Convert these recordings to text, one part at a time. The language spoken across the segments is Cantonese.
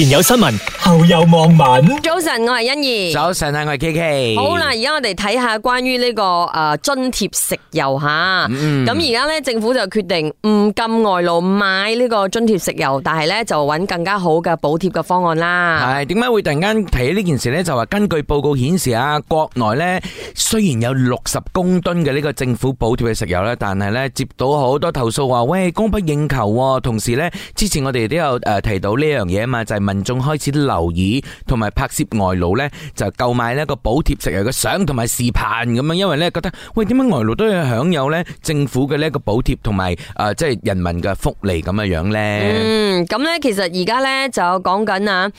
前有新聞，後有網民。早晨，我係欣怡。早晨，我係 Kiki。好啦，而家我哋睇下關於呢個誒津貼食油吓。咁而家呢，政府就決定唔禁外勞買呢個津貼食油，但係呢就搵更加好嘅補貼嘅方案啦。係點解會突然間提起呢件事呢？就話根據報告顯示啊，國內呢雖然有六十公噸嘅呢個政府補貼嘅食油咧，但係呢接到好多投訴話喂供不應求、啊。同時呢，之前我哋都有誒提到呢樣嘢啊嘛，就係、是。民眾開始留意同埋拍攝外勞咧，就購買呢個補貼食油嘅相同埋視頻咁樣，因為咧覺得，喂點解外勞都要享有咧政府嘅呢個補貼同埋誒即係人民嘅福利咁嘅樣咧？嗯，咁咧其實而家咧就講緊啊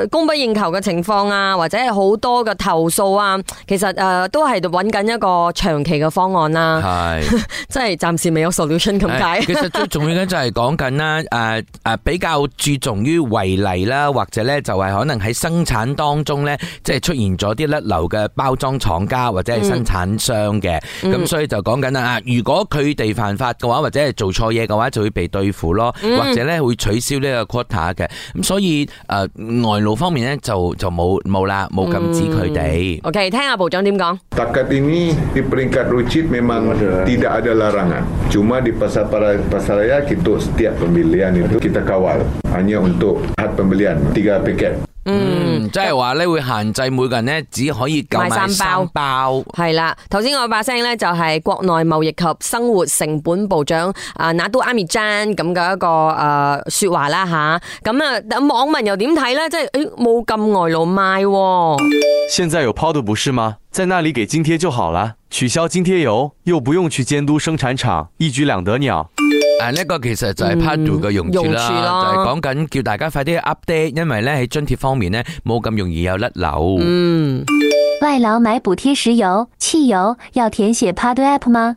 誒供不應求嘅情況啊，或者係好多嘅投訴啊，其實誒、呃、都係度揾緊一個長期嘅方案啦。係即係暫時未有 solution 咁解。其實最重要咧就係講緊啦誒誒比較注重於。違例啦，或者咧就係可能喺生產當中咧，即、就、係、是、出現咗啲甩流嘅包裝廠家或者係生產商嘅，咁、嗯、所以就講緊啦啊！如果佢哋犯法嘅話，或者係做錯嘢嘅話，就會被對付咯，或者咧會取消呢個 quota 嘅。咁所以誒、呃、外勞方面咧就就冇冇啦，冇禁止佢哋，嗯。OK，聽下部長點講。嗯，聽聽 嗯，即係話咧會限制每個人咧只可以買三包。係啦，頭先我把聲咧就係國內貿易及生活成本部長啊納杜阿米詹，咁嘅一個誒、呃、說話啦吓。咁啊，等網民又點睇咧？即係誒冇咁外勞賣、啊。現在有拋的不是嗎？在那裡給津貼就好了，取消津貼油又不用去監督生產廠，一舉兩得鳥。誒、啊，呢、這個其實就係 PADU 嘅用處啦，就係講緊叫大家快啲 update，因為咧喺津貼方面咧冇咁容易有甩漏。嗯外勞買補貼石油汽油要填寫 PADU App 嗎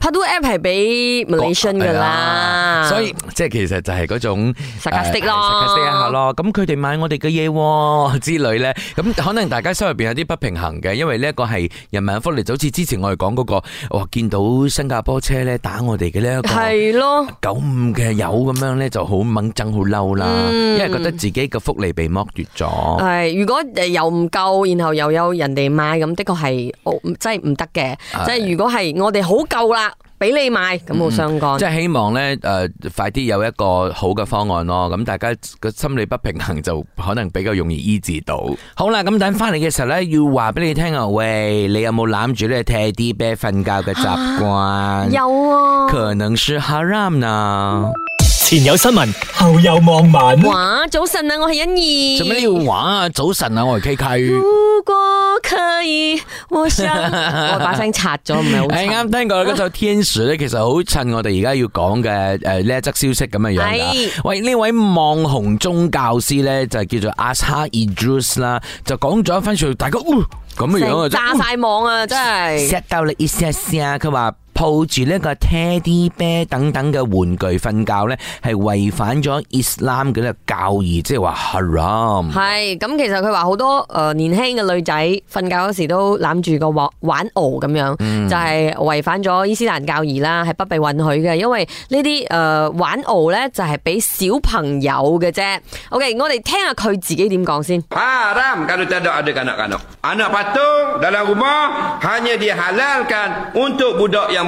PADU App 係俾 Malaysian 噶啦，所以即係其實就係嗰種 sarcastic 咯，呃、sarcastic 一下咯。咁佢哋買我哋嘅嘢之類咧，咁可能大家心入邊有啲不平衡嘅，因為呢一個係人民福利。就好似之前我哋講嗰個，我見到新加坡車咧打我哋嘅呢一個係咯九五嘅油咁樣咧，就好猛憎好嬲啦，因為覺得自己嘅福利被剝奪咗。係、嗯哎、如果誒油唔夠，然後又。有人哋買咁的確係，即係唔得嘅。即係如果係我哋好夠啦，俾你買咁冇相干。即係希望咧，誒，快啲有一個好嘅方案咯。咁大家個心理不平衡就可能比較容易醫治到。好啦，咁等翻嚟嘅時候咧，要話俾你聽啊，喂，你有冇攬住你 Teddy Bear 瞓覺嘅習慣？有啊，可能是 Haram 啊。前有新聞，後有網民。哇，早晨啊，我係欣怡。做咩要話啊？早晨啊，我係 K K。如果可以，我想 我把聲拆咗，唔係好。係、哎、啱聽過嗰首《那個、天使咧，其實好襯我哋而家要講嘅誒呢一則消息咁嘅樣，樣。係，喂呢位網紅宗教師咧，就叫做 Azhar Idrus 啦，就講咗翻出嚟，大家咁、呃、樣啊，炸晒網啊，呃、真係。抱住呢個 teddy bear 等等嘅玩具瞓覺咧，係違反咗伊斯蘭嘅教義，即係話 haram。係咁，其實佢話好多誒年輕嘅女仔瞓覺嗰時都攬住個玩玩偶咁樣，就係違反咗伊斯蘭教義啦，係不被允許嘅，因為呢啲誒玩偶咧就係俾小朋友嘅啫。OK，我哋聽下佢自己點講先。啊，kan kano tedok ada kano kano anak patung dalam rumah hanya dihalalkan untuk budok yang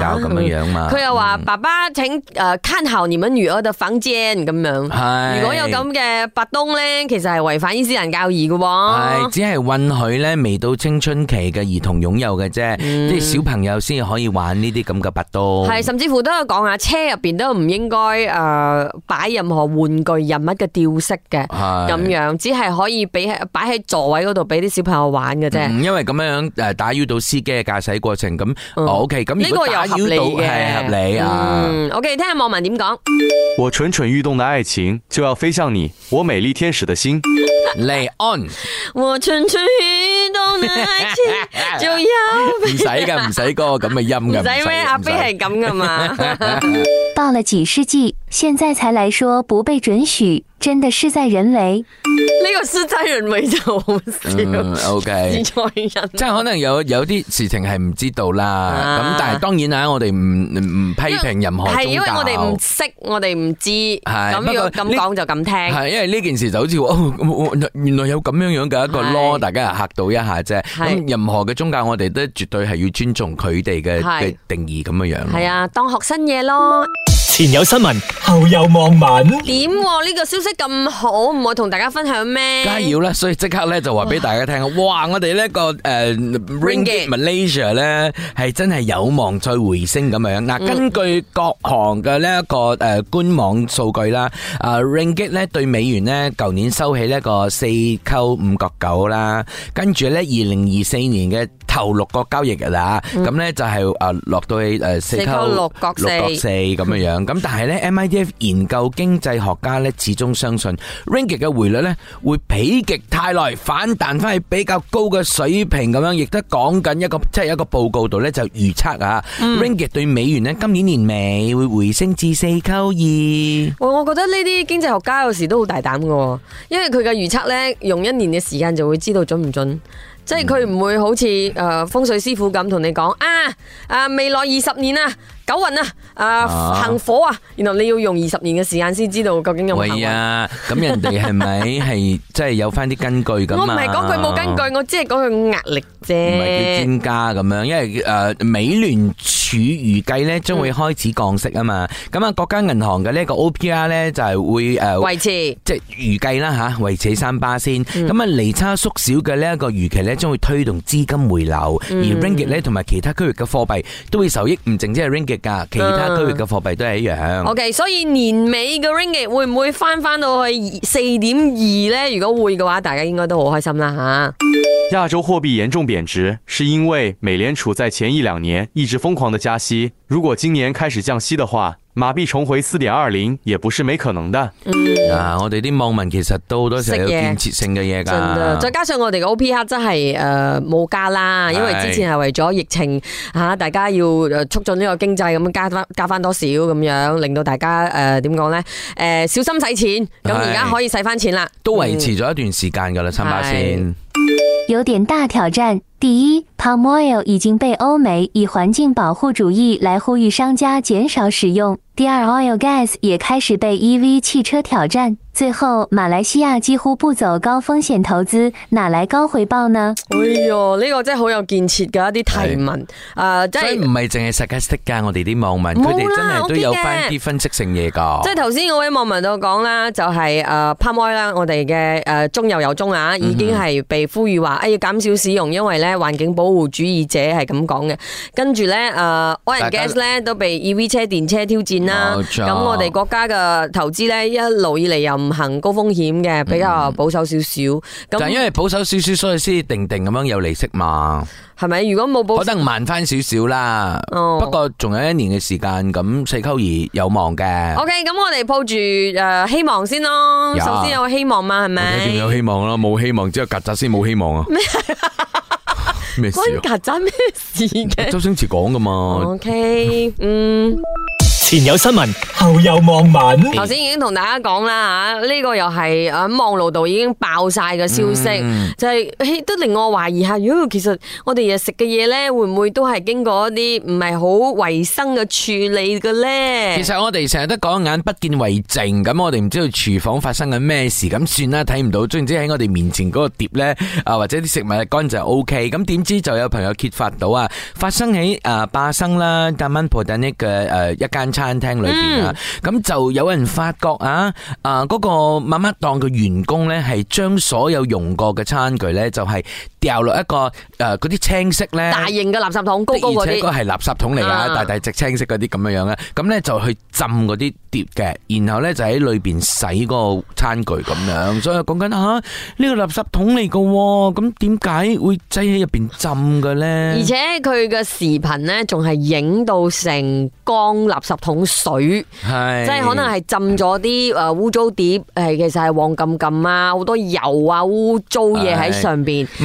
教咁樣樣嘛？佢又話爸爸請誒看好你們女兒的房間咁樣。係，如果有咁嘅拔刀咧,其實係違反伊斯蘭教義嘅喎。係，只係允許咧未到青春期嘅兒童擁有嘅啫，即係小朋友先可以玩呢啲咁嘅拔刀。係，甚至乎都有講下，車入邊都唔應該誒擺任何玩具、人物嘅吊飾嘅，咁樣只係可以俾擺喺座位嗰度俾啲小朋友玩嘅啫。嗯，因為咁樣誒打擾到司機嘅駕駛過程。咁，OK，咁如果。合理嘅，嗯，OK，我哋聽下網民點講。我蠢蠢欲動的愛情就要飛向你，我美麗天使的心。嚟 on。唔使噶，唔使嗰個咁嘅音噶樂。唔使咩阿飛係咁噶嘛。 到了幾世紀，現在才來說不被准許。真的事在人為，呢個事在人為就好少。O K，即係可能有有啲事情係唔知道啦。咁但係當然啊，我哋唔唔批評任何宗教，係因為我哋唔識，我哋唔知。係不過咁講就咁聽。係因為呢件事就好似哦，原來有咁樣樣嘅一個咯，大家係嚇到一下啫。咁任何嘅宗教，我哋都絕對係要尊重佢哋嘅嘅定義咁樣樣。係啊，當學新嘢咯。前有新聞，後有網民。點呢個消息？咁好唔會同大家分享咩？梗係要啦，所以即刻咧就話俾大家聽，哇！我哋呢一個誒 Ringgit Malaysia 咧係真係有望再回升咁樣。嗱，根據各行嘅呢一個誒官網數據啦，誒 Ringgit 咧對美元咧舊年收起呢個四溝五角九啦，跟住咧二零二四年嘅。頭六個交易日啦，咁咧就係誒落到去誒四扣六角四咁樣樣，咁但係咧 MIDF 研究經濟學家咧始終相信 ringgit 嘅匯率咧會否極泰來反彈翻去比較高嘅水平咁樣，亦都講緊一個即係一個報告度咧就預測啊，ringgit 對美元咧今年年尾會回升至四扣二。我我覺得呢啲經濟學家有時都好大膽噶因為佢嘅預測咧用一年嘅時間就會知道準唔準。即係佢唔會好似誒風水師傅咁同你講啊，啊，未來二十年啊，九運啊，誒、呃啊、行火啊，然後你要用二十年嘅時間先知道究竟有冇啊？咁人哋係咪係即係有翻啲根據噶？我唔係講佢冇根據，我只係講佢壓力啫。唔係叫專家咁樣，因為誒、呃、美聯儲預計咧將會開始降息啊嘛。咁、那個呃就是、啊，國家銀行嘅呢一個 OPR 咧就係會誒維持，即係預計啦吓維持三巴仙。咁啊，利差縮小嘅呢一個預期咧，將會推動資金回流，而 Ringgit 咧同埋其他區域嘅貨幣都會受益，唔淨止係 Ringgit 其他區域嘅貨幣都係一樣。Uh, OK，所以年尾嘅 Ringgit 會唔會翻翻到去四點二咧？如果會嘅話，大家應該都好開心啦吓。亞洲貨幣嚴重貶值，是因為美聯儲在前一兩年一直瘋狂的加息。如果今年開始降息嘅話，馬幣重回四點二零，也不是沒可能的。嗯嗯啊、我哋啲網民其實都好多時候有建設性嘅嘢噶再加上我哋嘅 OPR 真係誒冇加啦，因為之前係為咗疫情吓，大家要誒促進呢個經濟咁加翻加翻多少咁樣，令到大家誒點講咧？誒、呃呃、小心使錢，咁而家可以使翻錢啦、嗯，都維持咗一段時間噶啦，三巴仙。有點大挑戰，第一，Palm Oil 已經被歐美以環境保護主義來呼籲商家減少使用。第二 oil gas 也開始被 EV 汽車挑戰，最後馬來西亞幾乎不走高風險投資，哪來高回報呢？哎喲，呢個真係好有建設嘅一啲提問，誒，即係唔係淨係 statistic 我哋啲網民佢哋真係都有翻啲分析性嘢噶。即係頭先位網民都講啦，就係誒，palm oil 啦，我哋嘅誒中油油棕啊，已經係被呼籲話誒要減少使用，因為咧環境保護主義者係咁講嘅。跟住咧誒 oil gas 咧都被 EV 車電車挑戰啦。咁、哦、我哋國家嘅投資咧，一路以嚟，又唔行高風險嘅，比較保守少少。但、嗯就是、因為保守少少，所以先定定咁樣有利息嘛。係咪？如果冇保守，可能慢翻少少啦。不過仲有一年嘅時間，咁四溝二有望嘅。OK，咁我哋抱住誒希望先咯。首先有希望嘛，係咪？一定有希望咯，冇希望只有曱甴先冇希望啊。咩 事關曱甴咩事嘅、啊？周星馳講㗎嘛？OK，嗯。 前有新聞，後有網民。頭先已經同大家講啦，吓呢個又係喺網路度已經爆晒嘅消息，就係都令我懷疑下，喲，其實我哋日食嘅嘢咧，會唔會都係經過一啲唔係好衛生嘅處理嘅咧？其實我哋成日都講眼不見為淨，咁我哋唔知道廚房發生緊咩事，咁算啦，睇唔到，總之喺我哋面前嗰個碟咧，啊或者啲食物乾淨 OK，咁點知就有朋友揭發到啊，發生喺啊巴生啦、達蚊婆等呢嘅誒一間餐。餐廳裏邊啊，咁、嗯、就有人發覺啊，啊、那、嗰個媽媽檔嘅員工咧，係將所有用過嘅餐具咧，就係、是。掉落一個，誒嗰啲青色咧，大型嘅垃圾桶高高嗰啲，而且嗰係垃圾桶嚟啊，大大隻青色嗰啲咁樣樣咧，咁咧就去浸嗰啲碟嘅，然後咧就喺裏邊洗嗰個餐具咁樣， 所以講緊吓呢個垃圾桶嚟噶，咁點解會擠喺入邊浸嘅咧？而且佢嘅視頻咧仲係影到成缸垃圾桶水，係即係可能係浸咗啲誒污糟碟，係其實係黃錦錦啊，好多油啊污糟嘢喺上邊。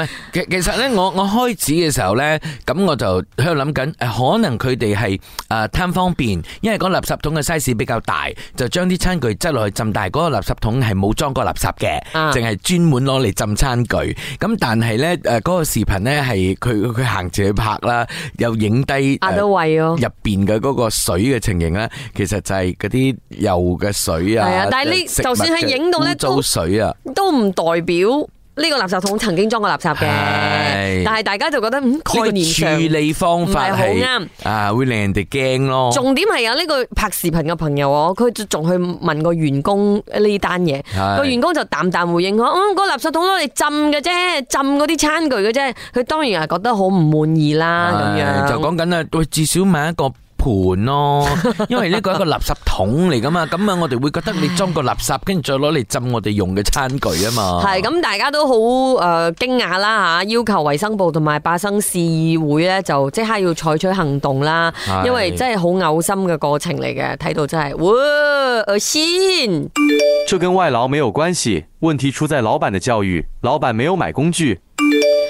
其實咧，我我開始嘅時候咧，咁我就喺度諗緊，誒，可能佢哋係誒貪方便，因為嗰垃圾桶嘅 size 比較大，就將啲餐具擠落去浸。大。嗰、嗰個垃圾桶係冇裝過垃圾嘅，淨係專門攞嚟浸餐具。咁但係咧，誒嗰個視頻咧係佢佢行住去拍啦，又影低入邊嘅嗰個水嘅情形咧。其實就係嗰啲油嘅水啊，啊但係呢就算係影到咧都水啊，都唔代表。呢個垃圾桶曾經裝過垃圾嘅，但係大家就覺得嗯，概念上處理方法唔係好啱，啊會令人哋驚咯。重點係有呢個拍視頻嘅朋友，我佢仲去問個員工呢單嘢，個員工就淡淡回應我，嗯，個垃圾桶攞嚟浸嘅啫，浸嗰啲餐具嘅啫。佢當然係覺得好唔滿意啦，咁樣就講緊啦，佢至少買一個。盤咯，因為呢個係一個垃圾桶嚟噶嘛，咁啊我哋會覺得你裝個垃圾，跟住再攞嚟浸我哋用嘅餐具啊嘛。係 咁，大家都好誒驚訝啦吓，要求衛生部同埋巴生市議會咧，就即刻要採取行動啦。因為真係好嘔心嘅過程嚟嘅，睇到真係，哇！先、呃，就 跟外勞沒有關係，問題出在老闆的教育，老闆沒有買工具。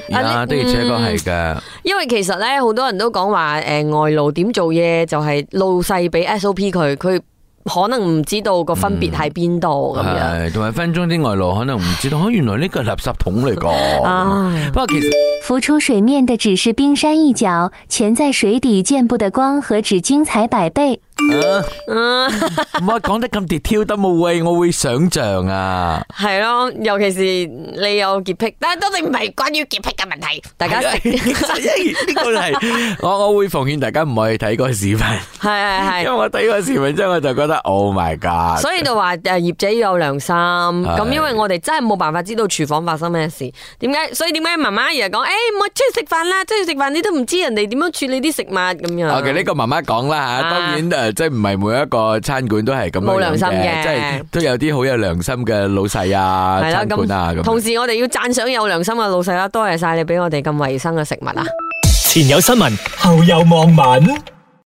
係、yeah, 啊，都要 check 過係噶。因為其實咧，好多人都講話誒，外勞點做嘢就係老細俾 SOP 佢，佢可能唔知道個分別喺邊度咁樣。同、嗯、埋分裝啲外勞，可能唔知道 原來呢個係垃圾桶嚟噶。唉、啊，不過其實浮出水面的只是冰山一角，潛在水底見不得光，何止精彩百倍。唔係講得咁 detail 得冇位，我會想象啊，係咯，尤其是你有潔癖，但係都唔係關於潔癖嘅問題。大家呢個係我我會奉勸大家唔可以睇嗰個視頻。係係係，因為我睇嗰個視頻之後就覺得 Oh my God！所以就話誒業者要有良心，咁因為我哋真係冇辦法知道廚房發生咩事，點解？所以點解媽媽而家講誒，唔好出去食飯啦，出去食飯你都唔知人哋點樣處理啲食物咁樣。OK 呢個媽媽講啦吓，當然就。即係唔係每一個餐館都係咁樣嘅、冇良心嘅，即係都有啲好有良心嘅老細啊，餐館啊。同時我哋要讚賞有良心嘅老細啦，多謝晒你俾我哋咁衛生嘅食物啊！前有新聞，後有網民。